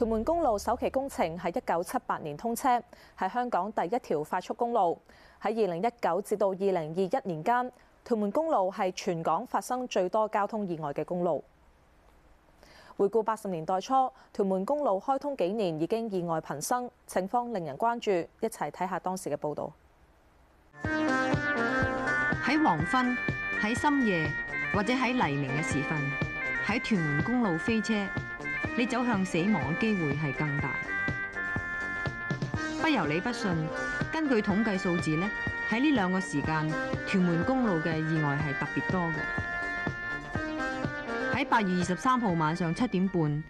屯門公路首期工程喺一九七八年通車，係香港第一條快速公路。喺二零一九至到二零二一年間，屯門公路係全港發生最多交通意外嘅公路。回顧八十年代初，屯門公路開通幾年已經意外頻生，情況令人關注。一齊睇下當時嘅報導。喺黃昏、喺深夜或者喺黎明嘅時分，喺屯門公路飛車。你走向死亡嘅機會係更大，不由你不信。根據統計數字呢，喺呢兩個時間，屯門公路嘅意外係特別多嘅。喺八月二十三號晚上七點半，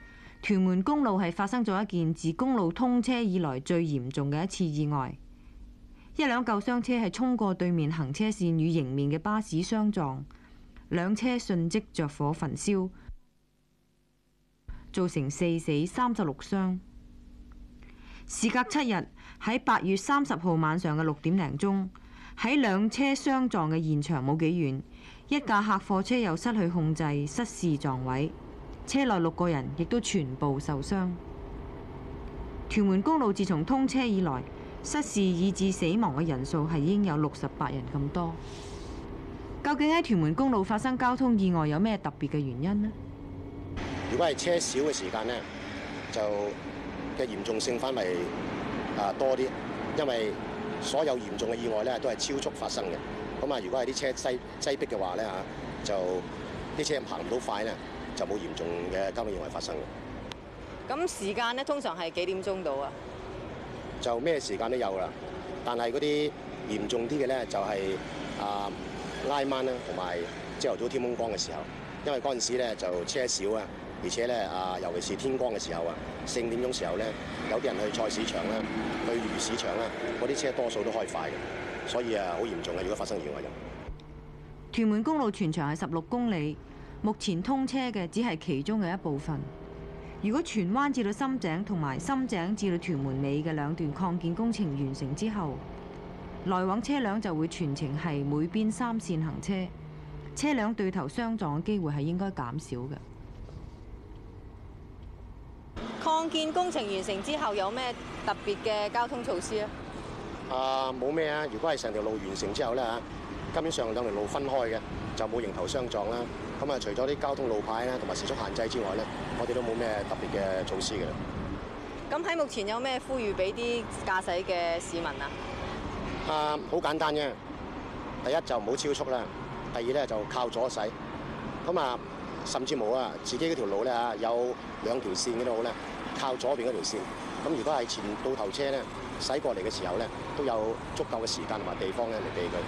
屯門公路係發生咗一件自公路通車以來最嚴重嘅一次意外。一輛救傷車係衝過對面行車線與迎面嘅巴士相撞，兩車瞬即着火焚燒。造成四死三十六傷。時隔七日，喺八月三十號晚上嘅六點零鐘，喺兩車相撞嘅現場冇幾遠，一架客貨車又失去控制，失事撞毀，車內六個人亦都全部受傷。屯門公路自從通車以來，失事以至死亡嘅人數係已經有六十八人咁多。究竟喺屯門公路發生交通意外有咩特別嘅原因呢？如果係車少嘅時間咧，就嘅嚴重性翻嚟啊多啲，因為所有嚴重嘅意外咧都係超速發生嘅。咁啊，如果係啲車擠擠逼嘅話咧嚇，就啲車行唔到快咧，就冇嚴重嘅交通意外發生嘅。咁時間咧通常係幾點鐘到啊？就咩時間都有啦，但係嗰啲嚴重啲嘅咧就係、是、啊拉晚啦、啊，同埋朝頭早天空光嘅時候，因為嗰陣時咧就車少啊。而且咧啊，尤其是天光嘅時候啊，四點鐘時候咧，有啲人去菜市場啦，去魚市場啦，嗰啲車多數都開快嘅，所以啊，好嚴重啊，如果發生意外。又屯門公路全長係十六公里，目前通車嘅只係其中嘅一部分。如果荃灣至到深井同埋深井至到屯門尾嘅兩段擴建工程完成之後，來往車輛就會全程係每邊三線行車，車輛對頭相撞嘅機會係應該減少嘅。擴建工程完成之後有咩特別嘅交通措施啊？啊，冇咩啊！如果係成條路完成之後咧吓，根本上兩條路分開嘅，就冇迎頭相撞啦。咁啊，除咗啲交通路牌啦同埋時速限制之外咧，我哋都冇咩特別嘅措施嘅。咁喺目前有咩呼籲俾啲駕駛嘅市民啊？啊，好簡單啫。第一就唔好超速啦。第二咧就靠左駛。咁啊。甚至冇啊！自己嗰條路咧有兩條線嘅都好咧，靠左邊嗰條線。咁如果係前到頭車咧，駛過嚟嘅時候咧，都有足夠嘅時間同埋地方咧嚟俾佢。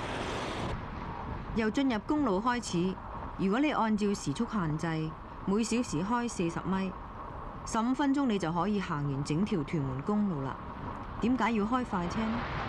由進入公路開始，如果你按照時速限制，每小時開四十米，十五分鐘你就可以行完整條屯門公路啦。點解要開快車呢？